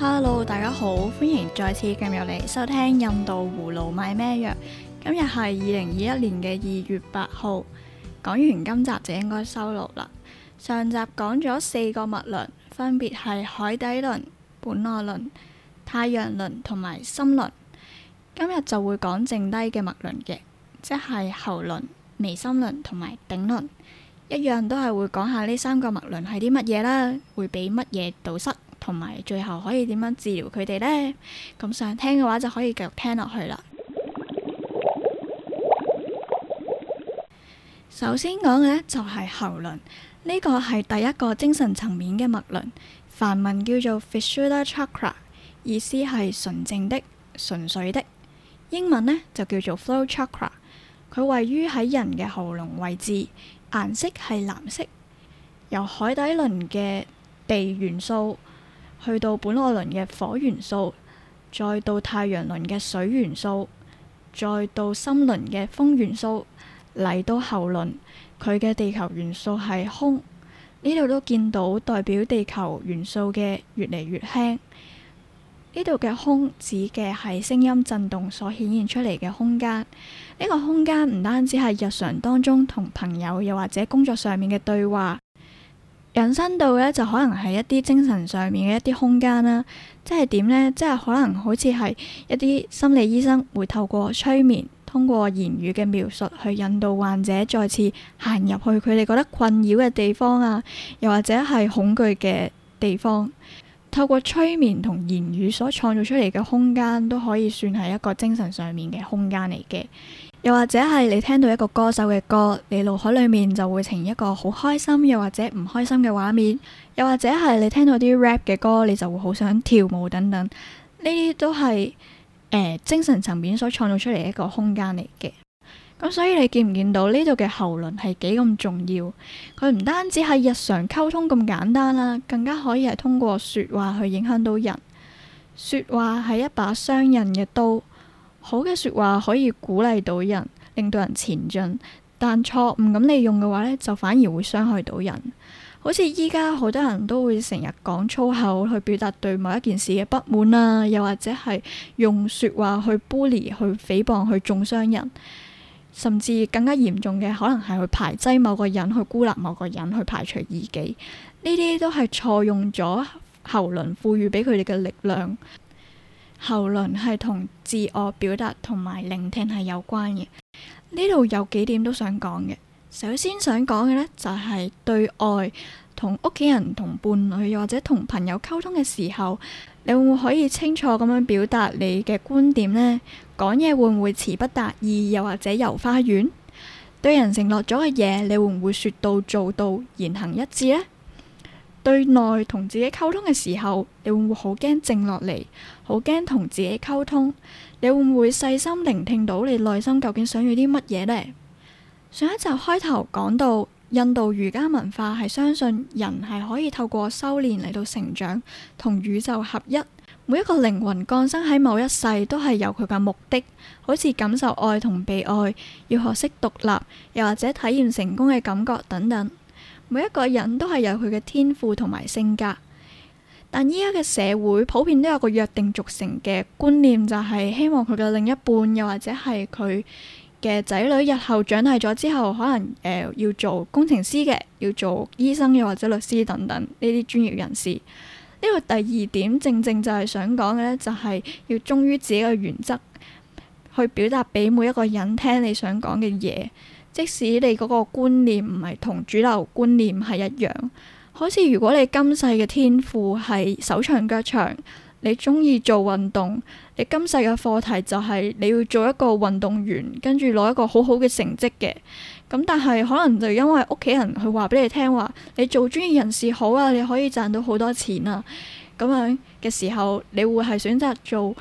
Hello，大家好，歡迎再次進入嚟收聽《印度葫蘆賣咩藥》。今日係二零二一年嘅二月八號，講完今集就應該收落啦。上集講咗四個脈輪，分別係海底輪、本我輪、太陽輪同埋心輪。今日就會講剩低嘅脈輪嘅，即係喉輪、眉心輪同埋頂輪。一樣都係會講下呢三個脈輪係啲乜嘢啦，會俾乜嘢堵塞。同埋，最後可以點樣治療佢哋呢？咁想聽嘅話，就可以繼續聽落去啦。首先講嘅就係喉輪，呢個係第一個精神層面嘅脈輪，梵文叫做 Vishuddha chakra，意思係純淨的、純粹的。英文呢就叫做 flow chakra，佢位於喺人嘅喉嚨位置，顏色係藍色，由海底輪嘅地元素，去到本我輪嘅火元素，再到太陽輪嘅水元素，再到心輪嘅風元素，嚟到喉輪，佢嘅地球元素係空。呢度都見到代表地球元素嘅越嚟越輕。呢度嘅空指嘅係聲音震動所顯現出嚟嘅空間，呢個空間唔單止係日常當中同朋友又或者工作上面嘅對話。引申到咧就可能係一啲精神上面嘅一啲空間啦，即係點咧？即係可能好似係一啲心理醫生會透過催眠，通過言語嘅描述去引導患者再次行入去佢哋覺得困擾嘅地方啊，又或者係恐懼嘅地方。透過催眠同言語所創造出嚟嘅空間，都可以算係一個精神上面嘅空間嚟嘅。又或者係你聽到一個歌手嘅歌，你腦海裏面就會呈現一個好開心又或者唔開心嘅畫面；又或者係你聽到啲 rap 嘅歌，你就會好想跳舞等等。呢啲都係、呃、精神層面所創造出嚟一個空間嚟嘅。咁所以你見唔見到呢度嘅喉輪係幾咁重要？佢唔單止係日常溝通咁簡單啦，更加可以係通過說話去影響到人。說話係一把雙刃嘅刀。好嘅說話可以鼓勵到人，令到人前進。但錯誤咁利用嘅話呢，就反而會傷害到人。好似依家好多人都會成日講粗口去表達對某一件事嘅不滿啊，又或者係用說話去 bully、去誹謗、去中傷人，甚至更加嚴重嘅可能係去排擠某個人、去孤立某個人、去排除異己。呢啲都係錯用咗喉輪賦予俾佢哋嘅力量。喉輪係同自我表達同埋聆聽係有關嘅，呢度有幾點都想講嘅。首先想講嘅呢，就係對外同屋企人、同伴侶或者同朋友溝通嘅時候，你會唔會可以清楚咁樣表達你嘅觀點呢？講嘢會唔會詞不達意又或者遊花園？對人承諾咗嘅嘢，你會唔會説到做到，言行一致呢？對內同自己溝通嘅時候，你會唔會好驚靜落嚟？好驚同自己溝通？你會唔會細心聆聽到你內心究竟想要啲乜嘢呢？上一集開頭講到，印度瑜伽文化係相信人係可以透過修煉嚟到成長，同宇宙合一。每一個靈魂降生喺某一世，都係有佢嘅目的，好似感受愛同被愛，要學識獨立，又或者體驗成功嘅感覺等等。每一個人都係有佢嘅天賦同埋性格，但依家嘅社會普遍都有個約定俗成嘅觀念，就係、是、希望佢嘅另一半，又或者係佢嘅仔女日後長大咗之後，可能誒、呃、要做工程師嘅，要做醫生嘅，又或者律師等等呢啲專業人士。呢、這個第二點正正就係想講嘅呢，就係要忠於自己嘅原則，去表達俾每一個人都聽你想講嘅嘢。即使你嗰個觀念唔係同主流觀念係一樣，好似如果你今世嘅天賦係手長腳長，你中意做運動，你今世嘅課題就係你要做一個運動員，跟住攞一個好好嘅成績嘅。咁但係可能就因為屋企人去話俾你聽話，你做專業人士好啊，你可以賺到好多錢啊，咁樣嘅時候，你會係選擇做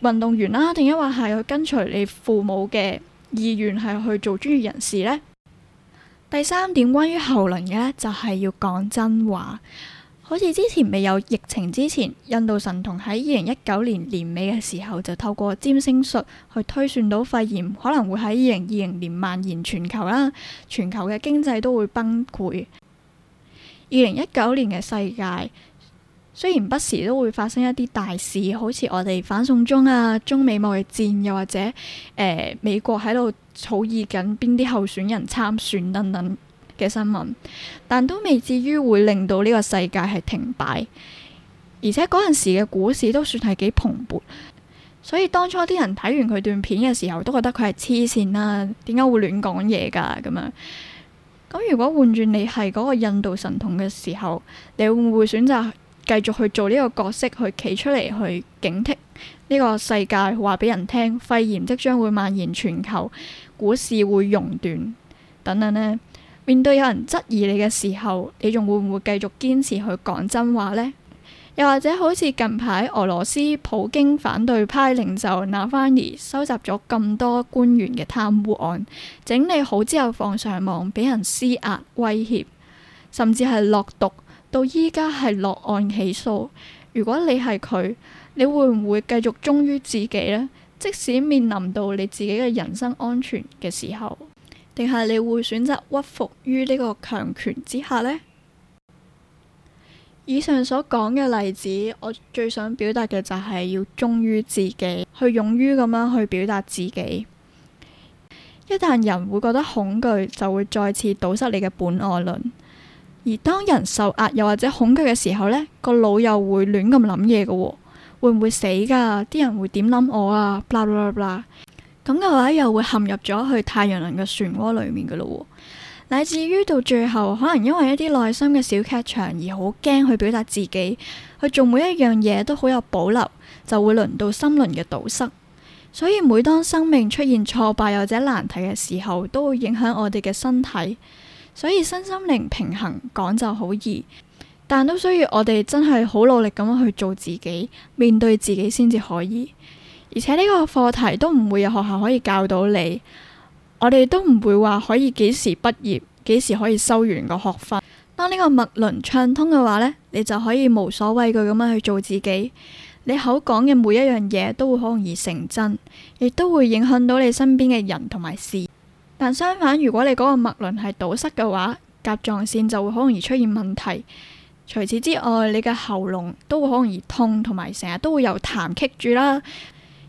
運動員啦、啊，定抑或係去跟隨你父母嘅？意願係去做專業人士呢。第三點關於喉輪嘅呢，就係要講真話。好似之前未有疫情之前，印度神童喺二零一九年年尾嘅時候，就透過占星術去推算到肺炎可能會喺二零二零年蔓延全球啦，全球嘅經濟都會崩潰。二零一九年嘅世界。雖然不時都會發生一啲大事，好似我哋反送中啊、中美貿易戰又或者，誒、呃、美國喺度草擬緊邊啲候選人參選等等嘅新聞，但都未至於會令到呢個世界係停擺。而且嗰陣時嘅股市都算係幾蓬勃，所以當初啲人睇完佢段片嘅時候，都覺得佢係黐綫啦，點解會亂講嘢㗎咁樣？咁如果換轉你係嗰個印度神童嘅時候，你會唔會選擇？繼續去做呢個角色，去企出嚟，去警惕呢個世界，話俾人聽，肺炎即將會蔓延全球，股市會熔斷等等呢，面對有人質疑你嘅時候，你仲會唔會繼續堅持去講真話呢？又或者好似近排俄羅斯普京反對派領袖納凡尼收集咗咁多官員嘅貪污案，整理好之後放上網，俾人施壓威脅，甚至係落毒。到依家係落案起訴。如果你係佢，你會唔會繼續忠於自己呢？即使面臨到你自己嘅人身安全嘅時候，定係你會選擇屈服於呢個強權之下呢？以上所講嘅例子，我最想表達嘅就係要忠於自己，去勇於咁樣去表達自己。一旦人會覺得恐懼，就會再次堵塞你嘅本我輪。而當人受壓又或者恐懼嘅時候，呢個腦又會亂咁諗嘢嘅喎，會唔會死㗎？啲人會點諗我啊？啦啦啦咁嘅話又會陷入咗去太陽輪嘅漩渦裡面嘅咯喎，乃至於到最後可能因為一啲內心嘅小劇場而好驚去表達自己，去做每一樣嘢都好有保留，就會輪到心輪嘅堵塞。所以每當生命出現挫敗又或者難題嘅時候，都會影響我哋嘅身體。所以身心靈平衡講就好易，但都需要我哋真係好努力咁樣去做自己，面對自己先至可以。而且呢個課題都唔會有學校可以教到你，我哋都唔會話可以幾時畢業，幾時可以收完個學分。當呢個脈輪暢通嘅話呢，你就可以無所畏懼咁樣去做自己。你口講嘅每一樣嘢都會好容易成真，亦都會影響到你身邊嘅人同埋事。但相反，如果你嗰個脈輪係堵塞嘅話，甲狀腺就會好容易出現問題。除此之外，你嘅喉嚨都會好容易痛，同埋成日都會有痰棘住啦。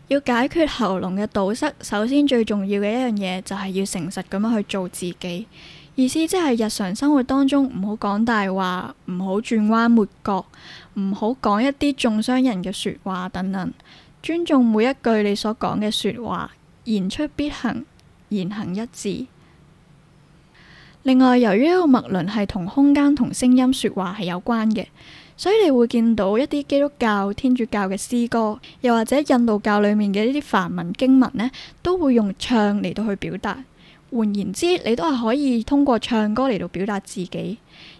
要解決喉嚨嘅堵塞，首先最重要嘅一樣嘢就係要誠實咁樣去做自己。意思即係日常生活當中唔好講大話，唔好轉彎抹角，唔好講一啲重傷人嘅說話等等，尊重每一句你所講嘅說話，言出必行。言行一致。另外，由於一個脈輪係同空間同聲音説話係有關嘅，所以你會見到一啲基督教、天主教嘅詩歌，又或者印度教裡面嘅呢啲梵文經文呢，都會用唱嚟到去表達。換言之，你都係可以通過唱歌嚟到表達自己。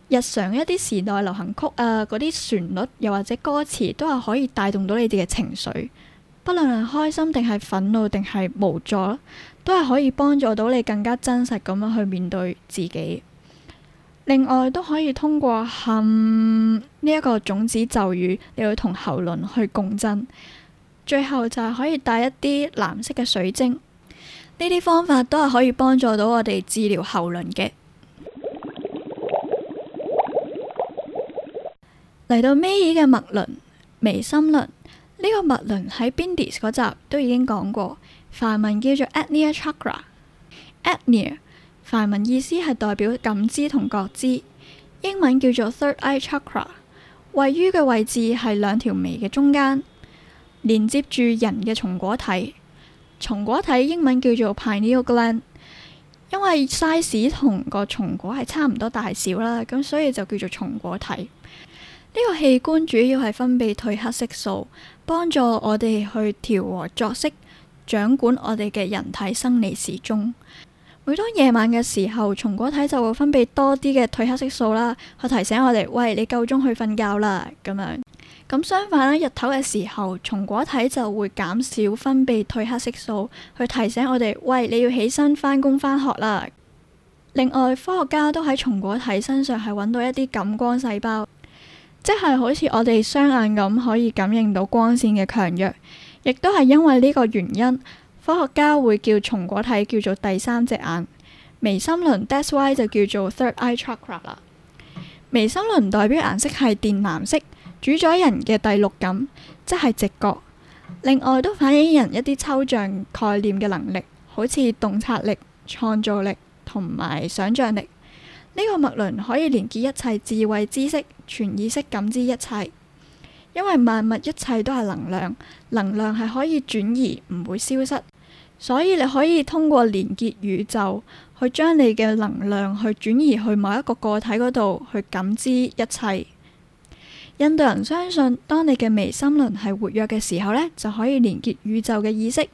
日常一啲時代流行曲啊，嗰、呃、啲旋律又或者歌詞，都係可以帶動到你哋嘅情緒，不論係開心定係憤怒定係無助。都係可以幫助到你更加真實咁樣去面對自己。另外都可以通過喊呢一個種子咒語，你要同喉輪去共振。最後就係可以帶一啲藍色嘅水晶。呢啲方法都係可以幫助到我哋治療喉輪嘅。嚟 到尾嘅脈輪、眉心輪，呢、這個脈輪喺 Bindis 嗰集都已經講過。梵文叫做 Atnia Chakra。Atnia，梵文意思係代表感知同覺知。英文叫做 Third Eye Chakra。位於嘅位置係兩條眉嘅中間，連接住人嘅松果體。松果體英文叫做 pineal gland，因為 size 同個松果係差唔多大小啦，咁所以就叫做松果體。呢、這個器官主要係分泌褪黑色素，幫助我哋去調和作息。掌管我哋嘅人體生理時鐘，每當夜晚嘅時候，松果體就會分泌多啲嘅褪黑色素啦，去提醒我哋喂，你夠鐘去瞓覺啦，咁樣。咁相反咧，日頭嘅時候，松果體就會減少分泌褪黑色素，去提醒我哋喂，你要起身翻工翻學啦。另外，科學家都喺松果體身上係揾到一啲感光細胞，即係好似我哋雙眼咁，可以感應到光線嘅強弱。亦都係因為呢個原因，科學家會叫松果體叫做第三隻眼，眉心輪。That's why 就叫做 third eye chakra 啦。眉心輪代表顏色係靛藍色，主宰人嘅第六感，即係直覺。另外都反映人一啲抽象概念嘅能力，好似洞察力、創造力同埋想像力。呢、呢個脈輪可以連結一切智慧知識，全意識感知一切，因為萬物一切都係能量，能量係可以轉移，唔會消失，所以你可以通過連結宇宙，去將你嘅能量去轉移去某一個個體嗰度去感知一切。印度人相信，當你嘅眉心輪係活躍嘅時候呢，就可以連結宇宙嘅意識，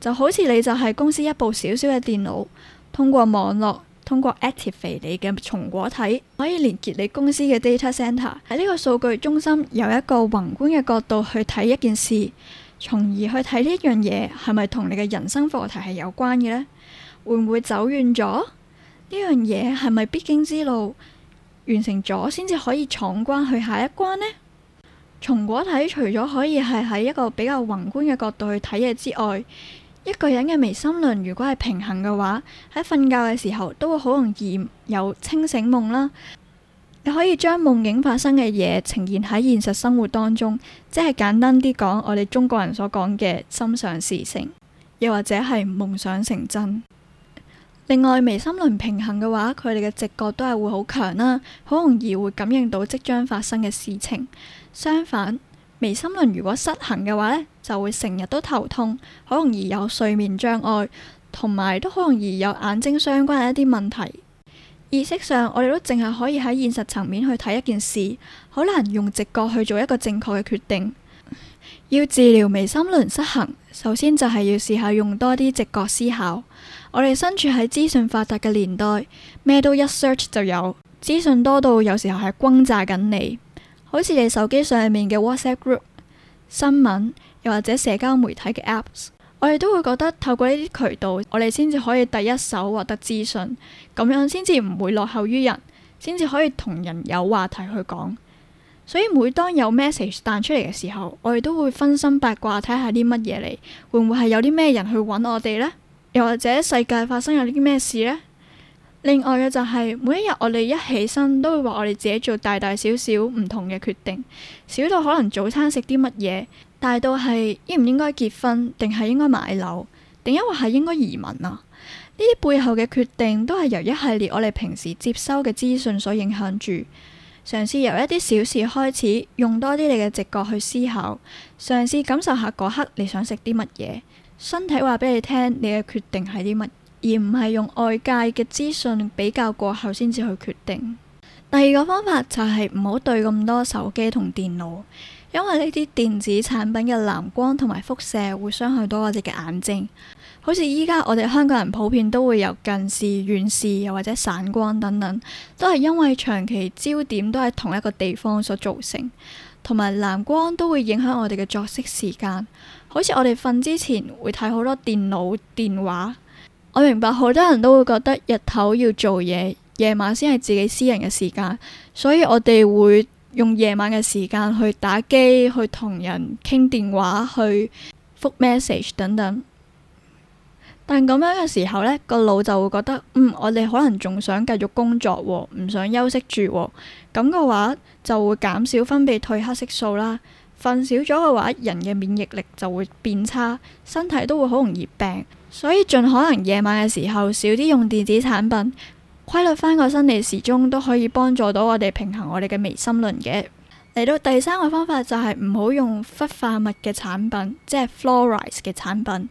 就好似你就係公司一部小小嘅電腦，通過網絡。通過 a c t i v e t e 你嘅松果體，可以連結你公司嘅 data c e n t e r，喺呢個數據中心由一個宏觀嘅角度去睇一件事，從而去睇呢樣嘢係咪同你嘅人生課題係有關嘅呢？會唔會走遠咗？呢樣嘢係咪必經之路？完成咗先至可以闖關去下一關呢？松果體除咗可以係喺一個比較宏觀嘅角度去睇嘢之外，一個人嘅眉心輪如果係平衡嘅話，喺瞓覺嘅時候都會好容易有清醒夢啦。你可以將夢境發生嘅嘢呈現喺現實生活當中，即係簡單啲講，我哋中國人所講嘅心想事成，又或者係夢想成真。另外，眉心輪平衡嘅話，佢哋嘅直覺都係會好強啦，好容易會感應到即將發生嘅事情。相反，眉心輪如果失衡嘅話呢，就會成日都頭痛，好容易有睡眠障礙，同埋都好容易有眼睛相關嘅一啲問題。意識上，我哋都淨係可以喺現實層面去睇一件事，好難用直覺去做一個正確嘅決定。要治療眉心輪失衡，首先就係要試下用多啲直覺思考。我哋身處喺資訊發達嘅年代，咩都一 search 就有，資訊多到有時候係轟炸緊你。好似你手機上面嘅 WhatsApp group、新聞，又或者社交媒體嘅 Apps，我哋都會覺得透過呢啲渠道，我哋先至可以第一手獲得資訊，咁樣先至唔會落後於人，先至可以同人有話題去講。所以每當有 message 彈出嚟嘅時候，我哋都會分身八卦，睇下啲乜嘢嚟，會唔會係有啲咩人去揾我哋呢？又或者世界發生咗啲咩事呢？另外嘅就係，每一日我哋一起身都會話我哋自己做大大小小唔同嘅決定，小到可能早餐食啲乜嘢，大到係應唔應該結婚，定係應該買樓，定抑或係應該移民啊？呢啲背後嘅決定都係由一系列我哋平時接收嘅資訊所影響住。嘗試由一啲小事開始，用多啲你嘅直覺去思考，嘗試感受下嗰刻你想食啲乜嘢，身體話俾你聽，你嘅決定係啲乜？而唔係用外界嘅資訊比較過後先至去決定。第二個方法就係唔好對咁多手機同電腦，因為呢啲電子產品嘅藍光同埋輻射會傷害到我哋嘅眼睛。好似依家我哋香港人普遍都會有近視、遠視，又或者散光等等，都係因為長期焦點都喺同一個地方所造成。同埋藍光都會影響我哋嘅作息時間。好似我哋瞓之前會睇好多電腦、電話。我明白好多人都會覺得日頭要做嘢，夜晚先係自己私人嘅時間，所以我哋會用夜晚嘅時間去打機、去同人傾電話、去覆 message 等等。但咁樣嘅時候呢，個腦就會覺得，嗯，我哋可能仲想繼續工作喎、哦，唔想休息住喎、哦。咁嘅話就會減少分泌褪黑色素啦，瞓少咗嘅話，人嘅免疫力就會變差，身體都會好容易病。所以盡可能夜晚嘅時候少啲用電子產品，規律翻個生理時鐘都可以幫助到我哋平衡我哋嘅眉心輪嘅。嚟到第三個方法就係唔好用氟化物嘅產品，即係 fluoride 嘅產品。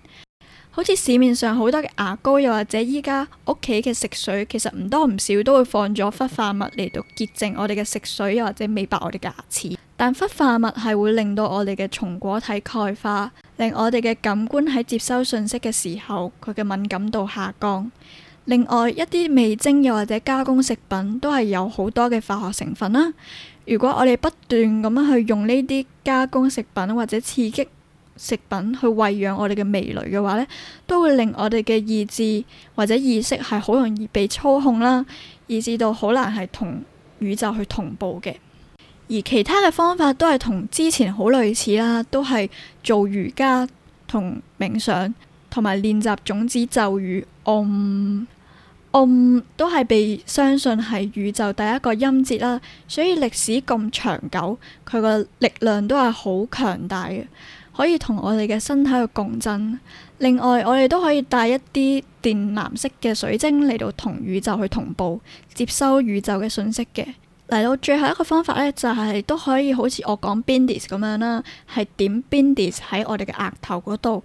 好似市面上好多嘅牙膏，又或者依家屋企嘅食水，其實唔多唔少都會放咗氟化物嚟到潔淨我哋嘅食水，又或者美白我哋嘅牙齒。但氟化物係會令到我哋嘅松果體鈣化。令我哋嘅感官喺接收信息嘅時候，佢嘅敏感度下降。另外，一啲味精又或者加工食品都係有好多嘅化學成分啦。如果我哋不斷咁樣去用呢啲加工食品或者刺激食品去餵養我哋嘅味蕾嘅話呢，都會令我哋嘅意志或者意識係好容易被操控啦，以致到好難係同宇宙去同步嘅。而其他嘅方法都係同之前好類似啦，都係做瑜伽同冥想，同埋練習種子咒語，唵、嗯，唵、嗯、都係被相信係宇宙第一個音節啦。所以歷史咁長久，佢個力量都係好強大嘅，可以同我哋嘅身體去共振。另外，我哋都可以帶一啲靛藍色嘅水晶嚟到同宇宙去同步，接收宇宙嘅信息嘅。嚟到最後一個方法呢，就係、是、都可以好似我講 bindis 咁樣啦，係點 bindis 喺我哋嘅額頭嗰度，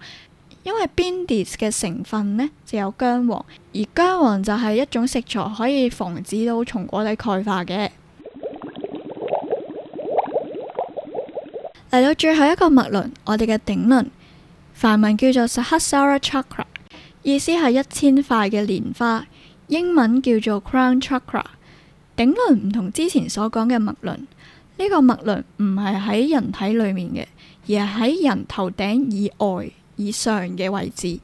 因為 bindis 嘅成分呢就有薑黃，而薑黃就係一種食材可以防止到松果體鈣化嘅。嚟 到最後一個脈輪，我哋嘅頂輪，梵文叫做 sahasrara chakra，a 意思係一千塊嘅蓮花，英文叫做 crown chakra。頂輪唔同之前所講嘅脈輪，呢、這個脈輪唔係喺人體裏面嘅，而係喺人頭頂以外以上嘅位置。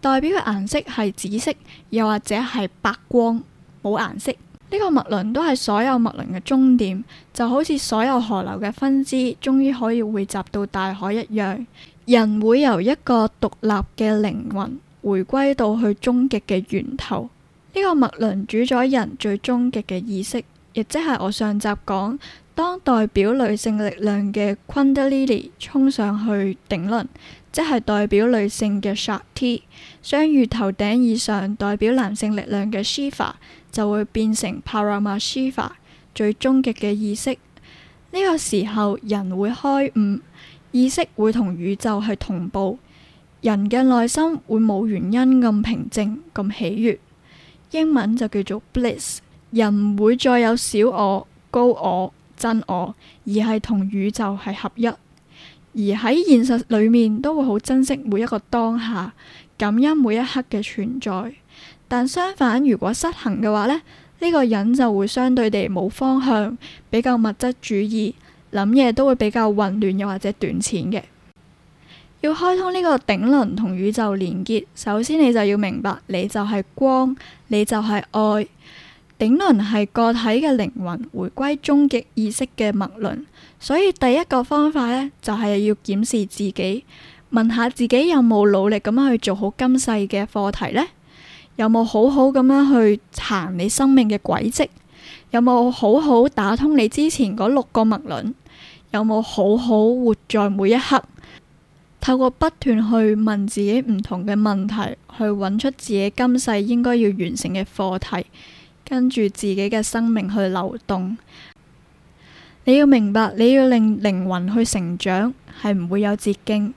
代表嘅顏色係紫色，又或者係白光，冇顏色。呢、這個脈輪都係所有脈輪嘅終點，就好似所有河流嘅分支終於可以匯集到大海一樣。人會由一個獨立嘅靈魂回歸到去終極嘅源頭。呢個脈輪主宰人最終極嘅意識，亦即係我上集講當代表女性力量嘅昆德里尼衝上去頂輪，即係代表女性嘅薩蒂，相遇頭頂以上代表男性力量嘅舒法就會變成帕拉瑪舒法最終極嘅意識。呢個時候人會開悟，意識會同宇宙係同步，人嘅內心會冇原因咁平靜，咁喜悅。英文就叫做 bliss，人唔會再有小我、高我、真我，而係同宇宙係合一。而喺現實裏面都會好珍惜每一個當下，感恩每一刻嘅存在。但相反，如果失衡嘅話咧，呢、呢個人就會相對地冇方向，比較物質主義，諗嘢都會比較混亂，又或者短淺嘅。要開通呢個頂輪同宇宙連結，首先你就要明白，你就係光，你就係愛。頂輪係個體嘅靈魂回歸終極意識嘅脈輪，所以第一個方法呢，就係、是、要檢視自己，問下自己有冇努力咁樣去做好今世嘅課題呢？有冇好好咁樣去行你生命嘅軌跡？有冇好好打通你之前嗰六個脈輪？有冇好好活在每一刻？透過不斷去問自己唔同嘅問題，去揾出自己今世應該要完成嘅課題，跟住自己嘅生命去流動。你要明白，你要令靈魂去成長，係唔會有捷徑。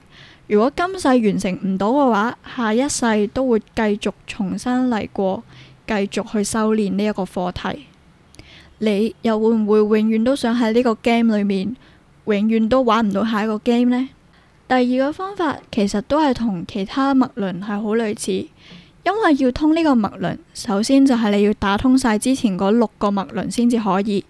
如果今世完成唔到嘅話，下一世都會繼續重新嚟過，繼續去修煉呢一個課題。你又會唔會永遠都想喺呢個 game 裏面，永遠都玩唔到下一個 game 呢？第二個方法其實都係同其他脈輪係好類似，因為要通呢個脈輪，首先就係你要打通晒之前嗰六個脈輪先至可以。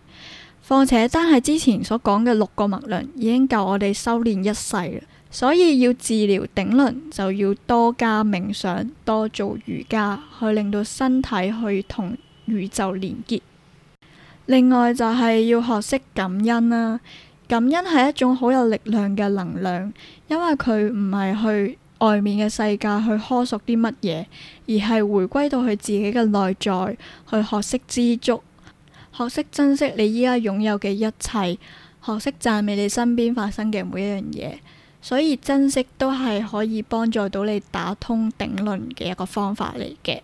況且，單係之前所講嘅六個脈輪已經夠我哋修煉一世。所以要治療頂輪，就要多加冥想，多做瑜伽，去令到身體去同宇宙連結。另外，就係要學識感恩啦，啊。感恩係一種好有力量嘅能量，因為佢唔係去外面嘅世界去呵索啲乜嘢，而係回歸到佢自己嘅內在，去學識知足，學識珍惜你依家擁有嘅一切，學識讚美你身邊發生嘅每一樣嘢，所以珍惜都係可以幫助到你打通頂輪嘅一個方法嚟嘅。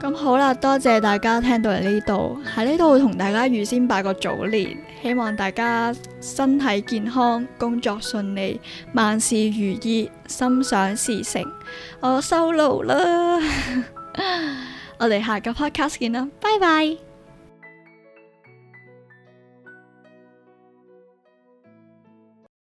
咁好啦，多謝大家聽到嚟呢度，喺呢度同大家預先拜個早年，希望大家身體健康，工作順利，萬事如意，心想事成。我收路啦， 我哋下個 podcast 見啦，拜拜。